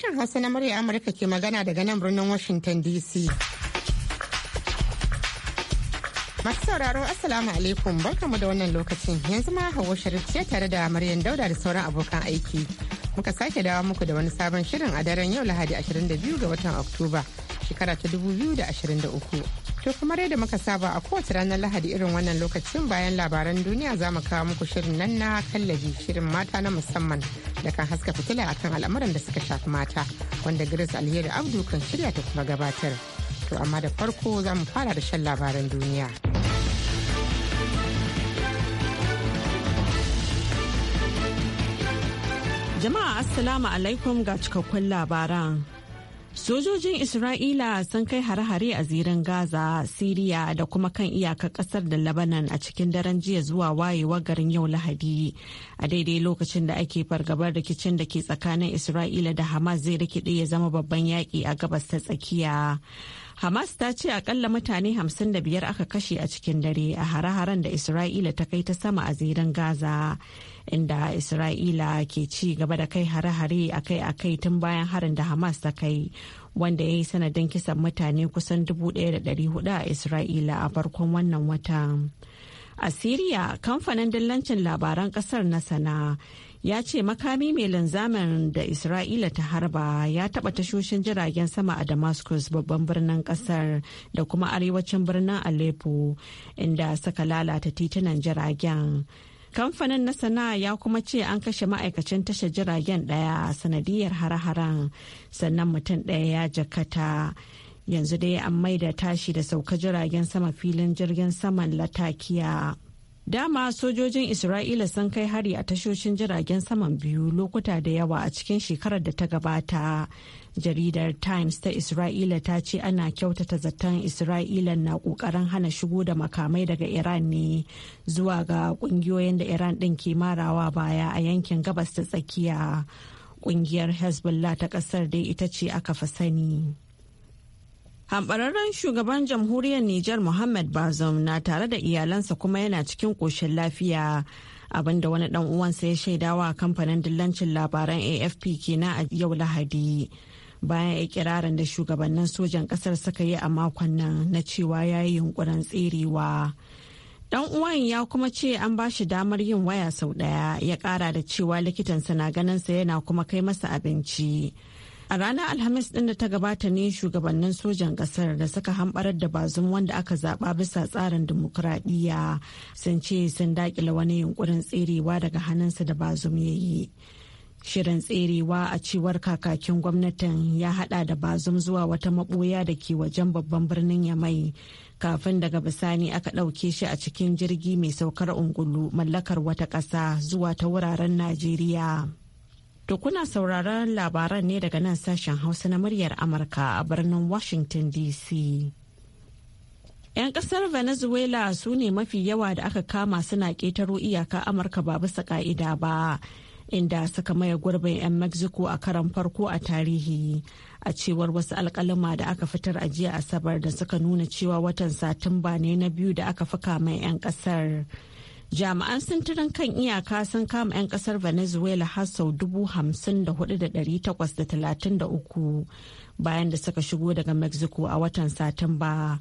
Sashen Hausa na murya Amurka ke magana daga nan birnin Washington DC. Masu sauraro Assalamu alaikum barkamu da wannan lokacin yanzu ma Hauwa Sharif ce tare da Maryam Dauda da sauran abokan aiki. Muka sake dawo muku da wani sabon shirin a daren yau Lahadi 22 ga watan Oktoba shekara ta 2023. To kamar yadda muka saba a kowace ranar Lahadi irin wannan lokacin bayan labaran duniya za mu kawo muku shirin nan na kallabi shirin mata na musamman da kan haska fitila akan al'amuran da suka shafi mata wanda Grace Alheri Abdu kan shirya ta kuma gabatar. To amma da farko za mu fara da shan labaran duniya. Jama'a Assalamu alaikum ga cikakkun labaran. Sojojin Isra'ila sun kai hare-hare a zirin Gaza, Siriya da kuma kan iyakar kasar da Lebanon a cikin daren jiya zuwa wayewa garin yau Lahadi. A daidai lokacin da ake fargabar rikicin da ke tsakanin Isra'ila da Hamas zai rikide ya zama babban yaƙi a gabas ta tsakiya. Hamas ta ce akalla mutane 55 aka kashe a cikin dare a hare-haren da Isra'ila ta kai ta sama a zirin Gaza. inda isra'ila ke ci gaba da kai hare-hare akai-akai tun bayan harin da hamas ta kai wanda ya yi sanadin kisan mutane kusan 1,400 a isra'ila a farkon wannan wata a siriya kamfanin dillancin labaran kasar na sana ya ce makami mai linzamin da isra'ila ta harba ya taba tashoshin jiragen sama a damascus babban birnin kasar da kuma arewacin birnin aleppo inda suka lalata titunan jiragen kamfanin na sana'a ya kuma ce an kashe ma'aikacin tashar jiragen daya sanadiyar hare-haren sannan mutum daya ya jakata yanzu dai an maida tashi da sauka jiragen sama filin jirgin saman latakiya Dama sojojin Isra'ila sun kai hari a tashoshin jiragen saman biyu lokuta da yawa a cikin shekarar da ta gabata. Jaridar Times ta Isra'ila ta ce ana kyautata zaton Isra'ila na ƙoƙarin hana shigo da makamai daga Iran ne zuwa ga ƙungiyoyin da Iran ɗin ke marawa baya a yankin gabas ta tsakiya. ƙungiyar Hezbollah ta ƙasar dai ita ce aka fi sani. hamɓararren shugaban jamhuriyar Nijar Muhammad Bazoum na tare da iyalansa kuma yana cikin ƙoshin lafiya. abinda wani dan uwansa ya shaidawa kamfanin dillancin labaran AFP kenan a yau Lahadi. bayan ikirarin da shugabannin sojan ƙasar suka yi a makon nan na cewa ya yi yunkurin tserewa. Dan uwan ya kuma ce an ba shi damar yin waya sau ɗaya ya ƙara da cewa likitansa na ganinsa yana kuma kai masa abinci. A ranar Alhamis ɗin da ta gabata ne shugabannin sojan ƙasar da suka hamɓarar da bazum wanda aka zaɓa bisa tsarin dimokuraɗiyya sun ce sun daƙila wani yunkurin tserewa daga hannunsa da bazum ya yi. Shirin tserewa a cewar kakakin gwamnatin ya haɗa da bazum zuwa wata maɓoya da ke wajen babban birnin Yamai. kafin daga bisani aka ɗauke shi a cikin jirgi mai saukar ungulu mallakar wata ƙasa zuwa ta wuraren Najeriya. To kuna sauraron labaran ne daga nan sashen Hausa na muryar Amurka a birnin Washington DC. 'Yan kasar Venezuela su ne mafi yawa da aka kama suna ƙetaro iyaka Amurka ba bisa ƙa'ida ba, inda suka maye gurbin 'yan Mexico a karan farko a tarihi. A cewar wasu alkalima da aka fitar a jiya Asabar da suka nuna cewa watan Satumba ne na biyu da aka fi kama 'yan kasar. jami'an sintirin kan iyaka sun kama 'yan kasar venezuela har sau dubu da da uku bayan da suka shigo daga mexico a watan satumba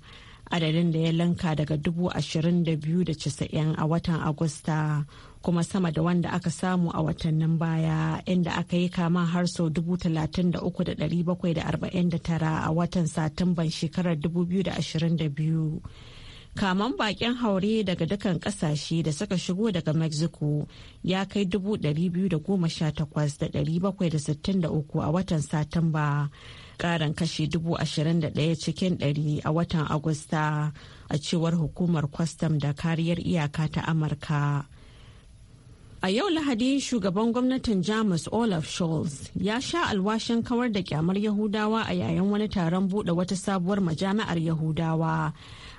adadin da ya lanka daga da 22,090 a watan agusta kuma sama da wanda aka samu a watannin baya inda aka yi kama har sau da da tara a watan satumban shekarar 2022 kaman bakin haure daga dukan kasashe da suka shigo daga mexico ya kai 218,763 a watan satumba karin kashi 21,000 cikin 100 a watan agusta a cewar hukumar kwastam da kariyar iyaka ta amurka A yau Lahadi shugaban gwamnatin Jamus Olaf Scholz ya sha alwashin kawar da kyamar Yahudawa a yayin wani taron buɗe wata sabuwar majami'ar Yahudawa.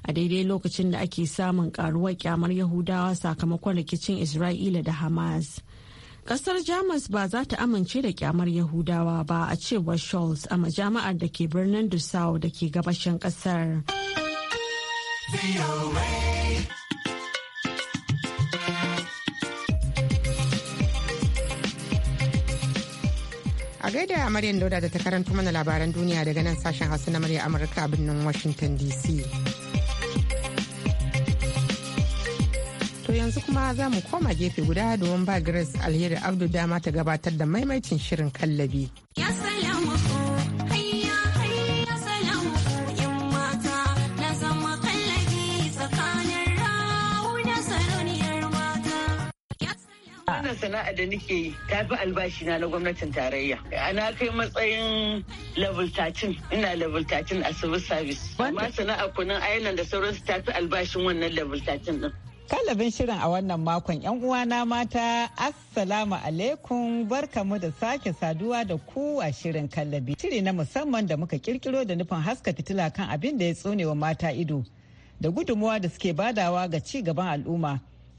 A daidai lokacin da ake samun karuwar kyamar Yahudawa sakamakon rikicin Isra'ila da Hamas. Kasar Jamus ba za ta amince da kyamar Yahudawa ba a cewar Scholz a majami'ar da ke birnin Dusau da ke gabashin kasar. A gaida Maryam Dauda da ta karanto mana labaran duniya daga nan sashen Hausa na murya Amurka a birnin Washington DC. To yanzu kuma za mu koma gefe guda domin ba Grace Alheri Abdu dama ta gabatar da maimaicin shirin kallabi. Wannan sana'a da nake yi ta fi albashi na na gwamnatin tarayya. Ana kai matsayin level 13, ina level 13 a civil service. Amma sana'a kunan ayyana da sauransu ta fi albashin wannan level 13 din. Kalabin shirin a wannan makon yan uwana mata Assalamu alaikum barkamu da sake saduwa da ku a shirin kallabi. Shiri na musamman da muka kirkiro da nufin haska fitila kan abin da ya tsonewa mata ido da gudunmuwa da suke badawa ga ci gaban al'umma.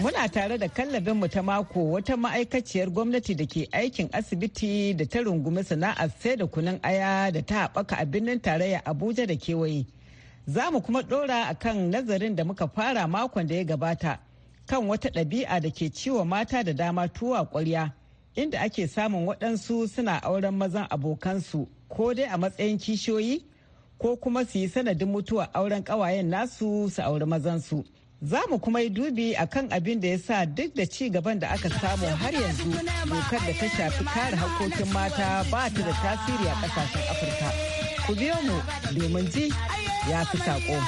Muna tare da kallabinmu ta mako wata ma'aikaciyar gwamnati da ke aikin asibiti da ta rungumi sana'ar sai da kunun aya da ta haɓaka a birnin tarayya Abuja da kewaye. Za mu kuma ɗora a kan nazarin da muka fara makon da ya gabata kan wata ɗabi'a da ke ciwo mata da dama tuwa ƙwarya inda ake samun waɗansu suna auren mazan abokansu ko dai a matsayin kishiyoyi ko kuma su yi sanadin mutuwa auren ƙawayen nasu su auri mazansu. su. Za mu kuma yi dubi a kan abin da ya sa duk da ci gaban da aka samu har yanzu dokar da ta shafi kare harkokin mata ba ta da tasiri a kasashen Afirka. Ku biyo mu domin ji ya fi saƙo.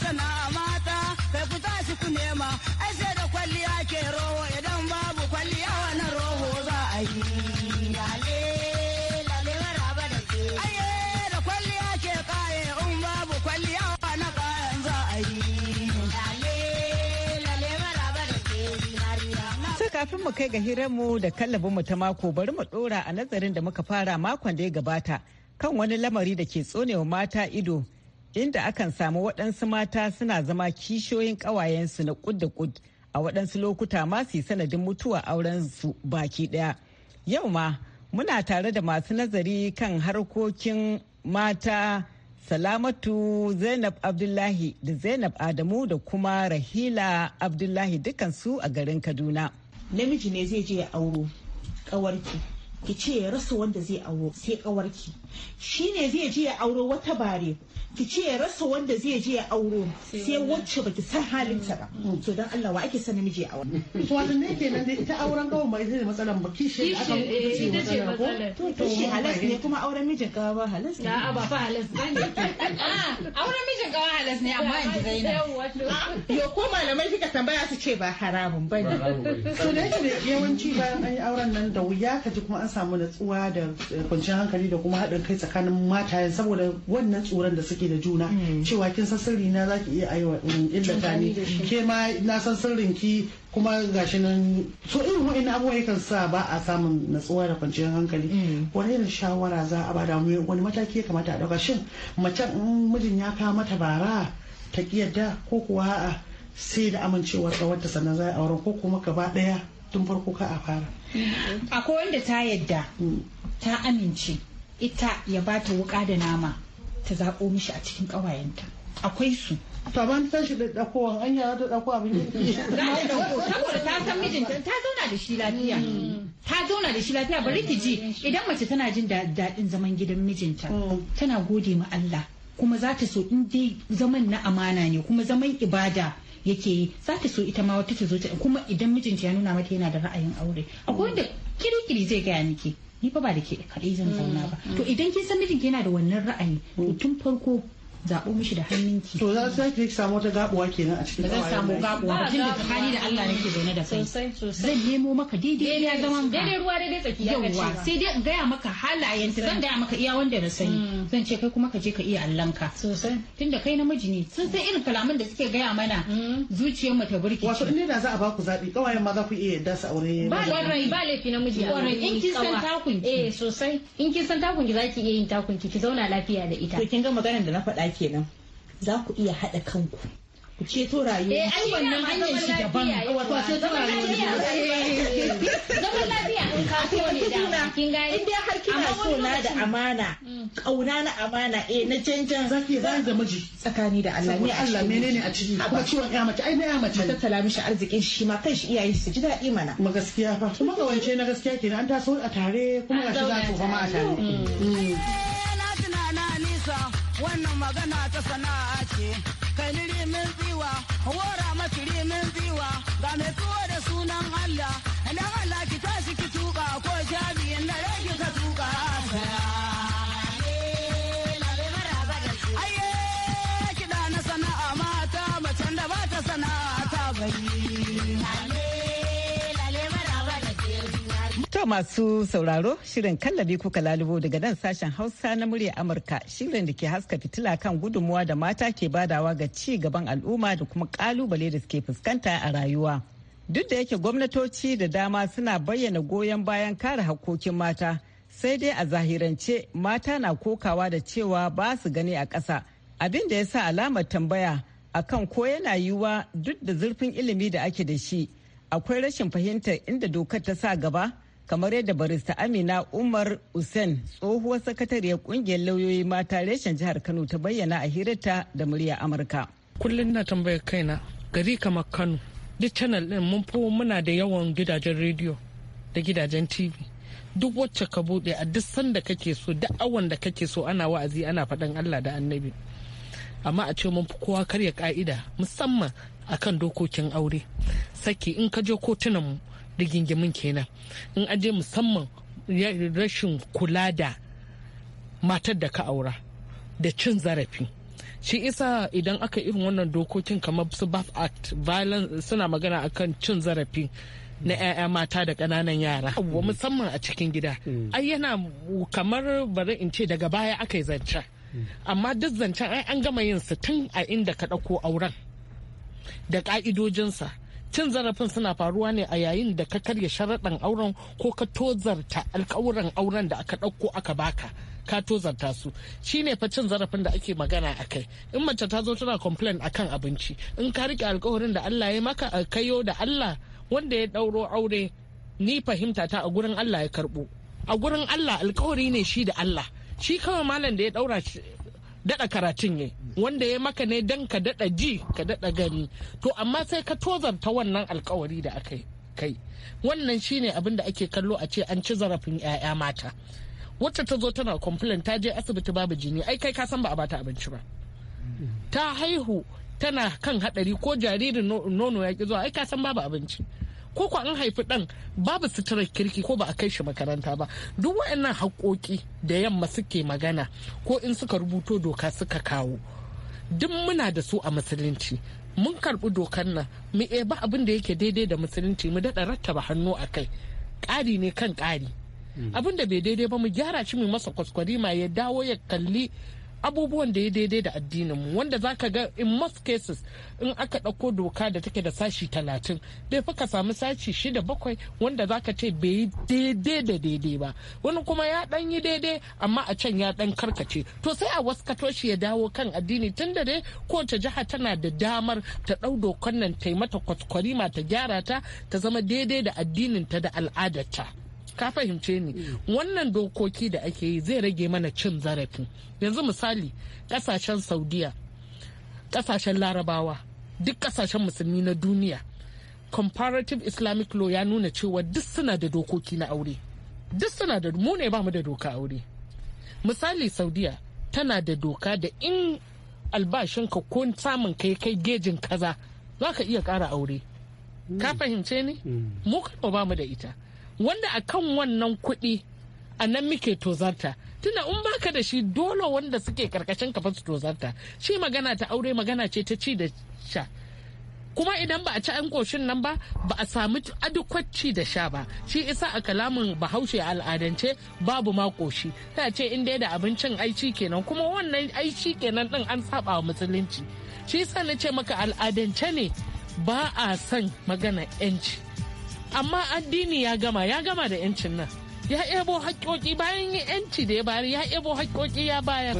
sana'a mata ku nema ai sai da kwalliya ke rowa kafin mu kai ga mu da mu ta mako bari mu dora a nazarin da muka fara makon da ya gabata kan wani lamari da ke tsonewa mata ido inda akan samu waɗansu mata suna zama kishiyoyin ƙawayensu na ƙud da kud a waɗansu lokuta ma su sanadin mutuwa auren su baki ɗaya. Yau ma muna tare da masu nazari kan harkokin mata Salamatu Zainab Abdullahi da Zainab Adamu da kuma Rahila Abdullahi dukansu a garin Kaduna. namiji ne zai je ya auro ƙawarki ki ce ya rasa wanda zai auro sai kawarki ne zai je ya auro wata bare ki ce ya rasa wanda zai je ya auro sai wacce baki san halinta ba mm. to dan Allah wa ake san namiji a wannan to wannan ne kenan dai ita auren gawo mai zai matsala ba ki shi aka ce eh, matsalan ko to shi halas ne kuma auren mijin gawa ba halas ne a'a ba fa halas a ah, auren mijin gawa halas ne amma in ji zaina yo ko malamai kika tambaya su ce ba haramun bane to ne yake yawanci bayan an yi auren nan da wuya ka ji kuma an samu natsuwa da kwanciyar hankali da kuma haɗin kai tsakanin matayen saboda wannan tsoron da suke da juna mm. cewa kin san sirri na zaki iya aiwa illata ne ke ma na san sirrin ki kuma gashi nan so irin wa'in abubuwa yakan sa ba a samun natsuwa da kwanciyar hankali mm. wani irin shawara za a bada mu wani mataki ya kamata a ɗauka shin macen in mijin ya kawo mata bara ta kiyarda ko kuwa a sai da amincewar ta sannan za a auren ko kuma gaba ɗaya tun farko ka a fara akwai wanda ta yadda ta amince ita ya ba ta wuka da nama ta zaɓo mishi a cikin ƙawayenta akwai su to ban san shi da dakowan anya ta dako abin saboda ta san mijinta ta zauna da shi lafiya ta zauna da shi lafiya bari ki ji idan mace tana jin daɗin zaman gidan mijinta mm. tana gode ma Allah kuma za ta so in dai zaman na amana ne kuma zaman ibada yake yi za ta so ita ma wata ta zo ta kuma idan mijinta ya nuna mata yana da ra'ayin aure akwai wanda kirikiri zai gaya miki ni fa ba da ke kaɗai zan zauna ba mm. to idan kin san mijinki yana da wannan ra'ayi tun farko zaɓo mishi da hannunki. To za su ki samu wata gabuwa kenan a cikin Ba zan samu gabuwa ba tun da hali da Allah nake zaune da kai. Sosai sosai. Zan nemo maka daidai ya zaman ka. Daidai ruwa daidai tsaki ya gaci. Yawwa sai dai in gaya maka halayen ta zan gaya maka iya wanda na sani. Mm. Zan ce kai kuma ka je ka iya allanka. Sosai. Tun da kai namiji ne sun san irin kalaman da suke gaya mana mm. zuciyar mu ta burki. Wato in da za a baku zaɓi ƙawayen ma za ku iya yadda su aure. Ba lafi ba laifi namiji. in kin san takunki. Eh sosai in kin san takunki za ki iya yin takunki ki zauna lafiya da ita. To kin ga maganar da na faɗa kenan za ku iya haɗa kanku ku ceto rayuwa eh ai wannan hanyar shi daban wato ta rayuwa zaman lafiya in ka so ne da kin ga in dai har kina so na da amana kauna mm. na amana eh na canjan zaki zan zama miji tsakani da Allah ne Allah menene a ciki Akwai ciwon ya mace ai na ya mace tattala mishi arzikin shi ma kan shi iyaye su ji daɗi mana ma gaskiya fa kuma ga wance na gaskiya kenan an taso a tare kuma ga shi za ku fama a tare mm. Mm. Eh, wannan magana ta sana'a ce kai ni rimin tsiwa wara masu rimin tsiwa ga mai tuwo da sunan Allah masu sauraro shirin kallabi kuka lalubo daga nan sashen Hausa na murya Amurka shirin da ke haska fitila kan gudunmuwa da mata ke badawa ga ci gaban al'umma da kuma kalubale da suke fuskanta a rayuwa. Duk da yake gwamnatoci da dama suna bayyana goyon bayan kare hakokin mata sai dai a zahirance mata na kokawa da cewa ba su gani a ƙasa abin da ya sa alamar tambaya akan ko yana yiwuwa duk da zurfin ilimi da ake da shi akwai rashin fahimtar inda dokar ta sa gaba kamar yadda barista amina umar usain tsohuwar sakatariyar kungiyar lauyoyi mata reshen jihar kano ta bayyana a hirarta da murya amurka kullum na tambayar kaina gari kamar kano duk channel din mun fi muna da yawan gidajen rediyo da gidajen tv duk wacce ka buɗe a duk sanda kake so duk awan da kake so ana wa'azi ana faɗan allah da annabi amma a ce mun fi kowa karya ka'ida musamman akan dokokin aure saki in ka je kotunanmu. mu rigingimin kenan in aje musamman rashin kula da matar da ka aura da cin zarafi shi isa idan aka irin wannan dokokin kamar su BAF Act violence suna magana akan cin zarafi na 'ya'ya mata da ƙananan yara musamman a cikin gida mm. ai yana kamar bari in ce daga baya aka yi zancen mm. amma duk zancen ai an gama yin su tun a inda ka ɗauko auren da ƙa'idojinsa cin zarafin suna faruwa ne a yayin da ka karya sharaɗan auren ko ka tozarta alkawuran auren da aka ɗauko aka baka ka tozarta su shi ne fa cin zarafin da ake magana a kai in mace ta zo tana complain kan abinci in ka rike alkawarin da Allah ya maka a kayo da Allah wanda ya ɗauro aure ni fahimta ta a gurin Allah ya karɓo a gurin Allah alkawari ne shi da Allah shi kawai malam da ya ɗaura daɗa karatun ne wanda ya maka ne don ka daɗa ji ka daɗa gani to amma sai ka tozarta wannan alkawari da aka kai wannan shine abin da ake kallo a ce an ci zarafin 'ya'ya mata wacce ta zo tana complain ta je asibiti babu jini ai kai ka san ba a bata abinci ba ta haihu tana kan hadari ko jaririn nono ya ki zuwa ai ka san babu abinci ko ko an haifi dan babu suturar kirki ko ba a kai shi makaranta ba duk waɗannan haƙoƙi da yamma suke magana ko in suka rubuto doka suka kawo duk muna da su a musulunci mun karbi dokar nan mu ba abin da yake daidai da musulunci mu daɗa rattaba hannu a kai ƙari ne kan ƙari mm. abin da bai daidai ba mu gyara shi mu masa kwaskwari ma ya dawo ya kalli abubuwan da ya daidai da addininmu mu wanda zaka ga in most cases in aka ɗauko doka da take da sashi talatin dai fi ka samu sashi shida bakwai wanda zaka ce bai yi daidai da daidai ba wani kuma ya ɗan yi daidai amma a can ya ɗan karkace to sai a wasu shi ya dawo kan addini tun da dai kowace jiha tana da damar ta ɗau dokan nan ta mata kwaskwarima ta gyara ta ta zama daidai da addinin ta da al'adarta. ka fahimce ni wannan dokoki da ake yi zai rage mana cin zarafi yanzu misali kasashen saudiya kasashen larabawa duk kasashen musulmi na duniya comparative islamic law ya nuna cewa duk suna da dokoki na aure duk suna da mu ne bamu da doka aure misali saudiya tana da doka da in albashin ka ko samun kai kai gejin kaza za ka iya ƙara aure ka fahimce ni mm. mu ba mu da ita wanda akan wannan kuɗi a nan muke tozarta tunda in baka da shi dole wanda suke karkashin ka su tozarta shi magana ta aure magana ce ta ci da sha kuma idan ba a ci an koshin nan ba ba a samu adukwacci da sha ba shi isa a kalamin bahaushe a al'adance babu ma koshi ta ce in dai da abincin aici kenan kuma wannan aici kenan din an saba wa musulunci shi sa na ce maka al'adance ne ba a son magana yanci amma addini ya gama ya gama da 'yancin nan ya ebo haƙƙoƙi bayan 'yanci da ya bayar ya ebo haƙƙoƙi ya bayar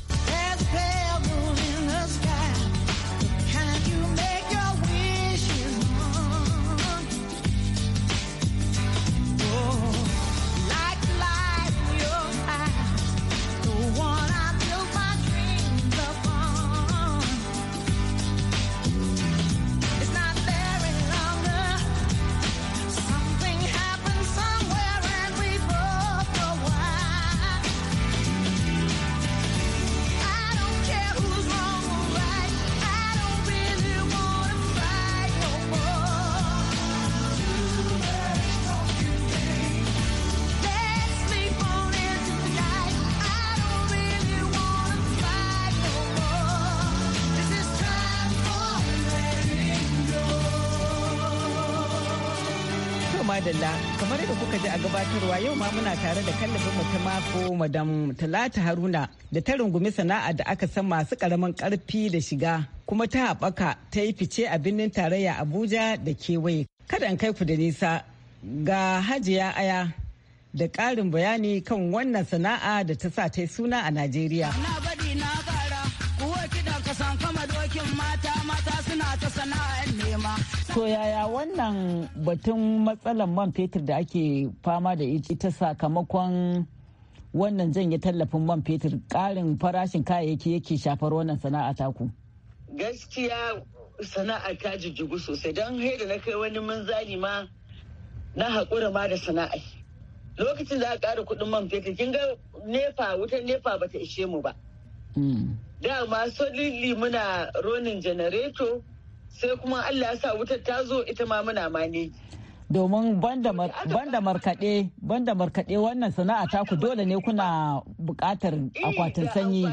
gabatarwa yau ma muna tare da kallafin mu ta mako madam Talata Haruna da ta rungumi sana'a da aka san masu karamin karfi da shiga kuma ta haɓaka ta yi fice a birnin tarayya Abuja da kewaye. Kada an kai ku da nisa ga Hajiya Aya da ƙarin bayani kan wannan sana'a da ta sa ta yi suna a Najeriya. To yaya wannan batun matsalar man fetur da ake fama da ita sakamakon wannan janye tallafin man fetur karin farashin kayayyaki yake shafar wannan sana'a taku? Gaskiya sana'a ta jijjigu sosai don da na kai wani munzali ma na haƙura ma da sana'a. Lokacin da aka ƙara kuɗin man fetur kin ga nefa wutan nefa bata ishe mu ba. Hmm. Dama lili muna ronin janareto. sai kuma Allah ya sa wutar ta zo ita ma muna ne. domin banda markaɗe banda markaɗe wannan sana'a taku dole ne kuna buƙatar eh, akwatin sanyi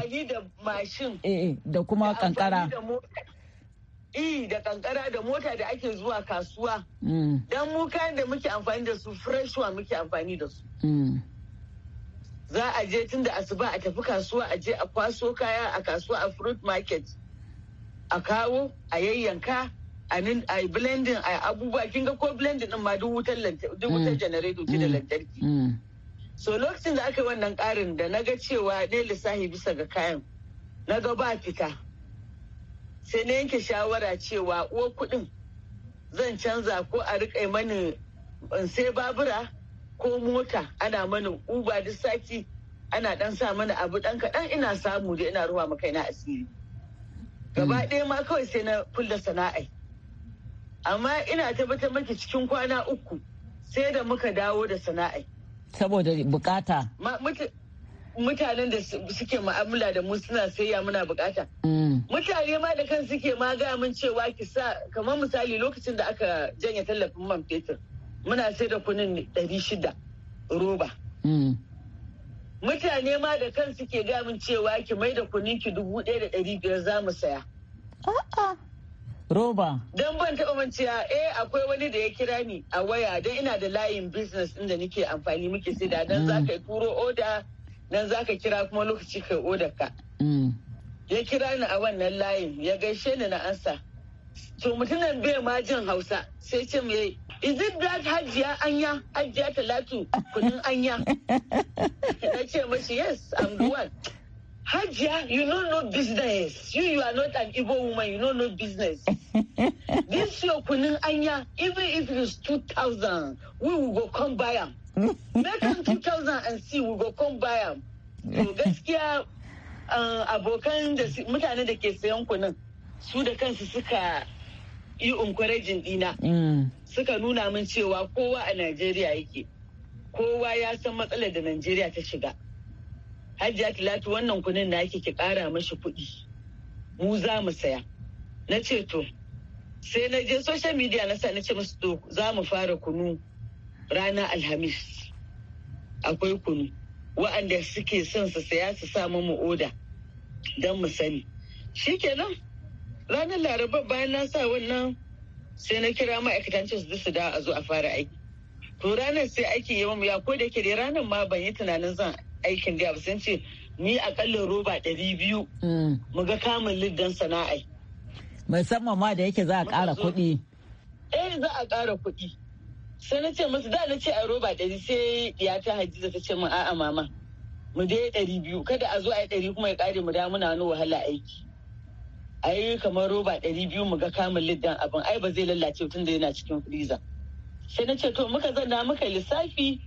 eh, eh, da kuma kankara Iyi da kankara da mota da ake zuwa kasuwa mm. don mu kayan da muke amfani da su fresh wa muke amfani da su mm. za a je tun da asuba a tafi kasuwa a je a kwaso kaya a kasuwa a fruit market a kawo a yayyanka a blending a abubuwa kin ga ko blending din ma duk wutar duk wutar mm. generator ce da mm. lantarki mm. so lokacin da aka yi wannan karin da na ga cewa ne lissahi bisa ga kayan na ga ba fita sai na yanke shawara cewa uwa kuɗin zan canza ko a riƙa mani sai babura ko mota ana mani uba duk sati ana ɗan sa mani abu ɗan kaɗan ina samu da ina ruwa makaina asiri. gaba mm. ɗaya ma kawai sai na kulla sana'ai amma ina tabbatar maki cikin kwana uku sai da muka dawo da sana'ai saboda bukata mutanen da suke ma'amala da mu suna sayya muna bukata mm. mutane ma da kan suke ma ga mun cewa ki sa kamar misali lokacin da aka janye tallafin man fetur muna sai da kunin ɗari shida roba mm. mutane ma da kansu ke gamin cewa ki mai da kunin ki dubu ɗaya da ɗari biyar za mu saya. A'a. Roba. Don ban taɓa manciya eh akwai wani da ya kira ni a waya don ina da layin business ɗin da nake amfani muke sai da don za mm. ka yi turo oda don za ka kira kuma lokaci kai oda ka. Mm. Ya kira ni a wannan layin ya gaishe ni na ansa. To mutumin bai ma jin Hausa sai ce mai Is it that hajiya anya, hajiya talatu kunun anya? Na ce mashi yes, I'm the one. Hajiya, you don't know business. You you are not an Igbo woman, you don't know business. this your kunun anya, even if it's 2,000, we will go come buy them. Make them 2,000 and see, we go come buy them. To gaskiya uh, abokan da mutane da ke sayan kunun, su da kansu suka yi encouraging dina. Mm. suka nuna min cewa kowa a Najeriya yake kowa ya san matsalar da Najeriya ta shiga Hajiya Talatu wannan kunin da ake ki ƙara mashi kuɗi mu za mu saya na ce to sai na je social media na sa na ce musu to za mu fara kunu rana alhamis akwai kunu wa'anda suke son su saya su sa mu oda don mu sani shikenan ranar laraba bayan na sa wannan sai na kira ma'aikatan cin su da a zo a fara aiki to ranar sai aiki ya mamu ya ko da ke ranar ma ban yi tunanin zan aikin da ba sun ce ni akalla roba ɗari biyu mm. mu ga kamun liddan sana'ai musamman ma da yake za a ƙara kuɗi eh za a ƙara kuɗi sai na ce musu da na ce a roba ɗari sai ya ta hajji ta ce min a'a mama mu dai ɗari biyu kada a zo a yi ɗari kuma ya ƙare mu da muna wani wahala aiki A yi kamar roba ɗari biyu mu ga kamun liddan abin ai ba zai lallace tun da yana cikin freezer sai na ce to muka zanna muka lissafi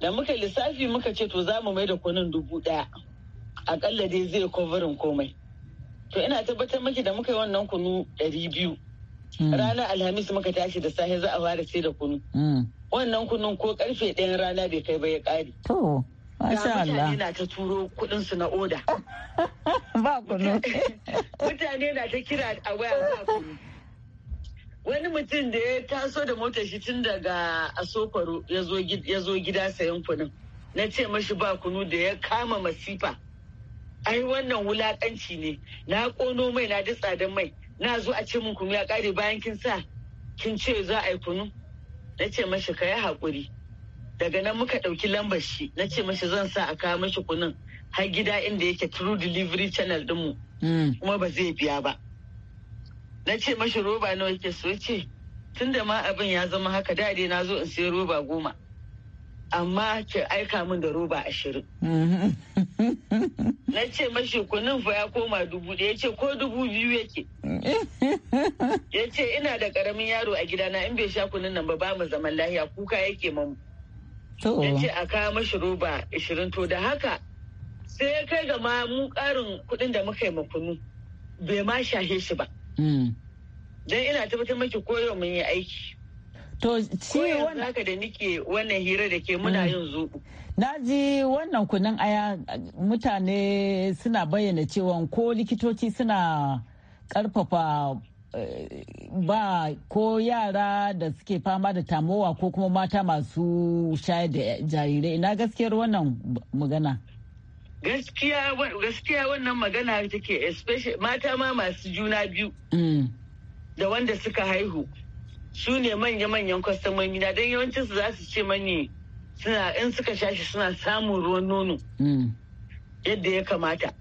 da muka lissafi muka ce to za mu mai da kunun dubu ɗaya akalla dai zai kovarin komai to ina tabbatar miki da muka yi wannan kunu ɗari biyu hmm. ranar alhamis muka tashi da safe za a fara sai da kunu hmm. wannan kunun ko karfe ɗayan rana bai kai ba ya ƙare Masha Allah. Mutane na ta turo kudin su na oda. Ba Mutane na ta kira a waya ba Wani mutum da ya taso da motar shi tun daga Asokoro ya zo gida sayan kunun. Na ce mashi ba kunu da ya kama masifa. Ai wannan wulakanci ne. Na kono mai na ditsa da mai. Na zo a ce mun kunu ya kare bayan kin sa kin ce za a yi kunu. Na ce mashi ka yi haƙuri. daga nan muka ɗauki lambar shi na ce mashi zan sa a kawo mashi kunun har gida inda yake true delivery channel dinmu mm. kuma ba zai biya ba na ce mashi roba nawa yake so ce tun da ma abin ya zama haka da na zo in sayi roba goma amma ki aika min da roba ashirin mm. na ce mashi kunin fa ya koma dubu ɗaya ce ko dubu biyu yake ya ce ina da ƙaramin yaro a gidana in bai sha kunun nan ba ba mu zaman lahiya kuka yake mamu ya ce a kawo mashi roba ishirin to da haka sai ya kai ga ma mu karin kuɗin da muka yi makunu bai ma shahe shi ba mm. don ina tabbatar maki koyo mun yi aiki to shi wannan haka da nike wannan hira da ke muna mm. yin zuɓu na ji wannan kunun aya mutane suna bayyana cewa ko likitoci suna karfafa ba ko yara da suke fama da tamowa ko kuma mata masu shayar da jarirai ina gaskiyar wannan magana gaskiya wannan magana take mata ma masu juna biyu mm. da wanda suka haihu su ne manya-manyan kwastomomi na don yawancinsu za su ce mani suna in suka shashi suna samun ruwan nono mm. yadda ya kamata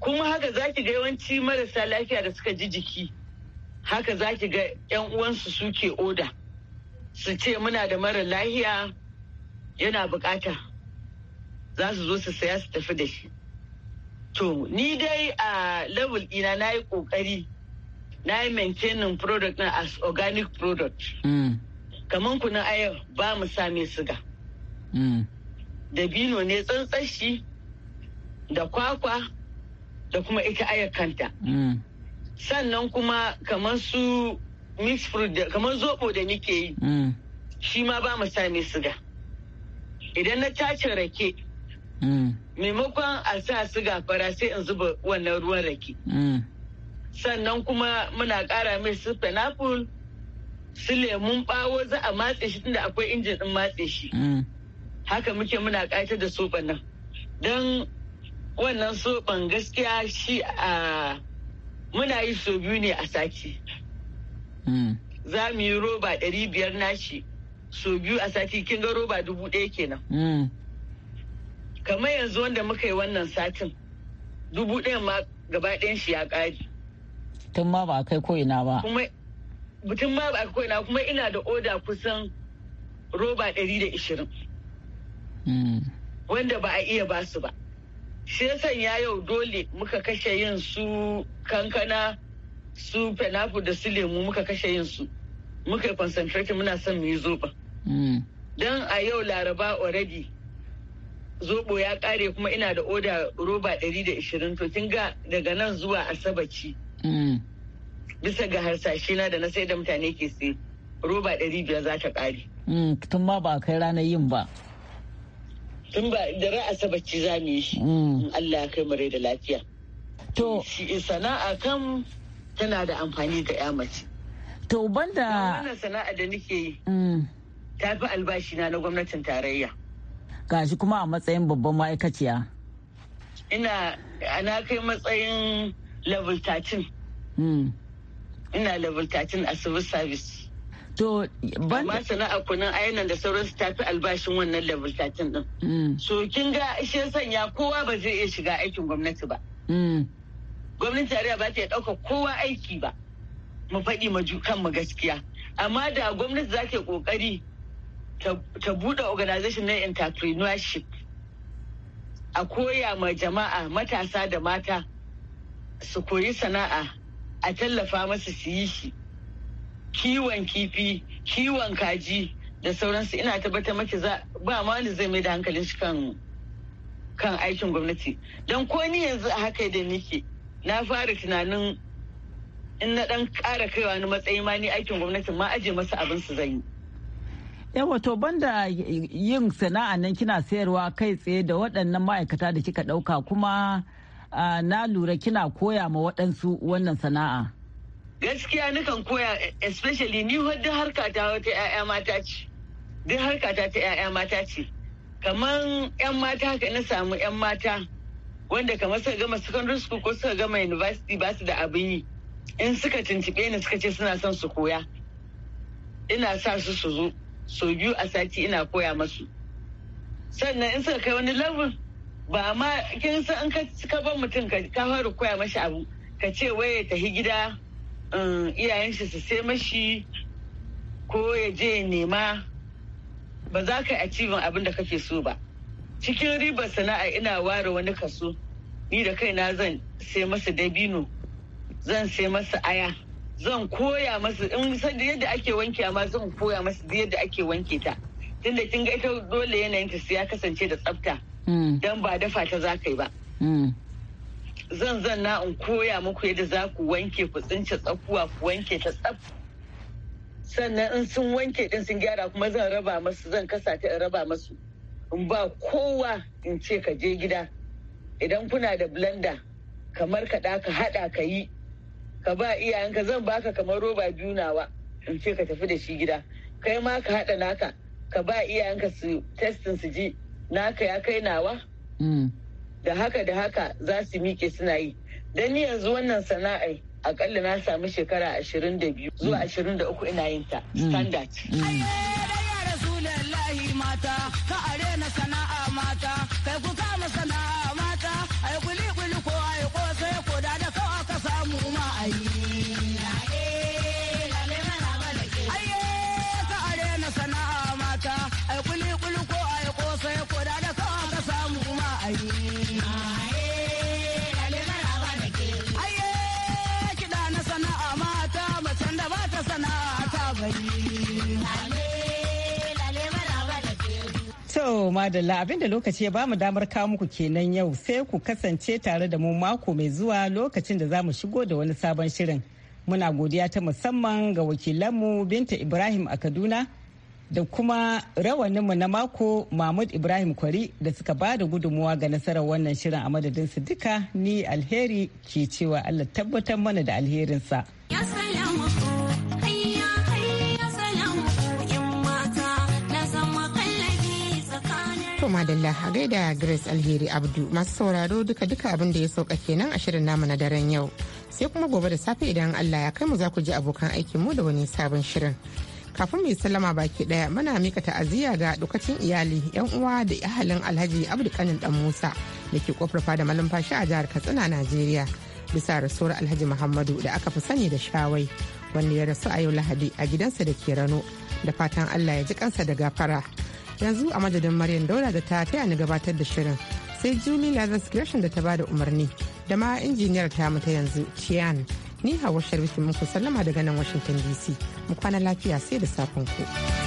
kuma haka za ki ga yawanci marasa lafiya da suka ji jiki haka za ki ga 'yan uwansu suke oda su ce muna da mara lahiya yana bukata za su zo su saya su tafi da shi to ni dai a level ina na yi kokari na yi maintaining product na as organic product mm. kamar kunan ayar ba mu same siga mm. dabino ne tsantsashi da kwakwa da kuma ita ayar kanta mm. sannan kuma kamar su mix fruit kamar zobo da nike yi mm. shi ma ba mu sami siga idan na tace rake mm. maimakon a sa siga fara sai in zuba wannan ruwan rake mm. sannan kuma muna kara mai su pineapple su lemun bawo za a matse shi tunda akwai injin din matse shi haka muke muna ƙayatar da soban nan don wannan soban gaskiya shi a muna yi so biyu ne a sati hmm. za mu yi roba ɗari biyar nashi so biyu a sati kin ga roba dubu ɗaya kenan hmm. kamar yanzu wanda muka yi wannan satin dubu ɗaya ma gaba ɗayan shi ya ƙari tun ma ba a kai ko'ina ba tun ma ba a kai ko'ina kuma ina da oda kusan roba ɗari da ishirin hmm. wanda ba a iya ba su ba shi ya yau dole muka kashe yin su kankana su fenafu da su lemu muka kashe yin su muka concentrate muna son mu yi zoba mm. don a yau laraba already zoɓo ya kare kuma ina da oda roba 120 to kin ga daga nan zuwa asabaci mm. bisa ga harsashe na da na sai da mutane ke sai roba 500 za ta kare mm, tun ma ba kai ranar yin ba tun ba da ra'asa bacci za mu yi shi mm. Allah ya kai mu da lafiya to sana'a kan tana da amfani ga ya mace to banda wannan sana'a da nake yi mm. ta fi albashi na na gwamnatin tarayya gashi kuma a matsayin babban ma'aikaciya ina ana kai matsayin level 13 mm. ina level 13 a civil service To ban amma sana'a kunan ayyukan da sauransu ta fi albashin wannan level 13 din. Mm. So kin ga shi sanya kowa ba zai iya shiga aikin gwamnati ba. Mm. gwamnati tarayya ba ta iya ɗauka kowa aiki ba. Mu faɗi ma kanmu gaskiya. Amma da gwamnati za ta ƙoƙari ta buɗe organization na entrepreneurship. A koya ma jama'a matasa da mata su koyi sana'a a tallafa masa su yi shi. kiwon kifi kiwon kaji da sauransu ina tabbatar maki ba ma wani zai mai da hankalin shi kan aikin gwamnati don ko ni yanzu a haka da nike na fara tunanin in na dan kara kaiwa ni matsayi ma ni aikin gwamnati ma aje masa abin su zan yi yawa to banda yin sana'a nan kina sayarwa kai tsaye da waɗannan ma'aikata da kika ɗauka kuma ah, na lura kina koya ma waɗansu wannan sana'a gaskiya nukan koya especially ni wadda harka ta wata 'ya'ya mata ce duk harka ta ta 'ya'ya mata ce kamar 'yan mata haka na samu 'yan mata wanda kamar suka gama secondary school ko suka gama university ba su da abin yi in suka tuntube ni suka ce suna son su koya ina sa su su zo so biyu a sati ina koya masu sannan in suka kai wani level ba ma kin san in ka bar mutum ka fara koya mashi abu ka ce waye tafi gida Um, iyayen su sai mashi ko ya je ya nema ba za ka achieving abin da kake so ba cikin ribar sana'a ina ware wani kaso ni da kaina zan sai masa dabino zan sai masa aya zan koya masa in san yadda ake wanke amma zan koya masa yadda ake wanke ta tunda kin ga ita dole yanayin ta ya kasance da tsafta hmm. dan ba dafa ta za ka yi ba hmm. zan zanna in koya muku yadda za ku wanke ku tsince tsakuwa ku wanke ta tsaf sannan in sun wanke din sun gyara kuma zan raba masu zan kasa ta in raba masu in ba kowa in ce ka je gida idan kuna da blender kamar ka ka haɗa ka yi ka ba iyayenka zan baka kamar roba biyu nawa in ce ka tafi da shi gida kai ma ka haɗa naka ka ba iyayenka su testin su ji naka ya kai nawa mm. da haka da haka za su miƙe suna yi don ni yanzu wannan sana'ai akalla na samu shekara 22 zuwa 23 ina yin ta mm. standard mm. mata ka madalla abinda lokaci ya bamu damar kawo muku kenan yau sai ku kasance tare da mu mako mai zuwa lokacin da za mu shigo da wani sabon shirin. Muna godiya ta musamman ga wakilanmu Binta Ibrahim a Kaduna da kuma rawaninmu na mako Mahmud Ibrahim Kwari da suka ba da gudunmuwa ga nasarar wannan shirin a madadinsu duka ni alheri ke cewa Allah tabbatar mana da alherinsa. Yes, madalla a gaida Grace Alheri Abdu masu sauraro duka duka abin da ya sauka kenan a shirin namu na daren yau. Sai kuma gobe da safe idan Allah ya kai mu za ku ji abokan aikin mu da wani sabon shirin. Kafin mu yi sallama baki daya muna mika ta'aziyya ga dukacin iyali yan uwa da ahalin Alhaji Abdu Kanin Dan Musa da ke kofar fada malumfashi a jihar Katsina nigeria Bisa rasuwar Alhaji Muhammadu da aka fi sani da Shawai wanda ya rasu a yau Lahadi a gidansa da ke Rano da fatan Allah ya ji kansa da gafara. yanzu a madadin maryam daula da ta taya ni gabatar da shirin sai julie lazarus da ta bada umarni da ma injiniyar ta mu ta yanzu chian ni hawa sharifin muku sallama daga nan washington dc mu kwana lafiya sai da safin ku.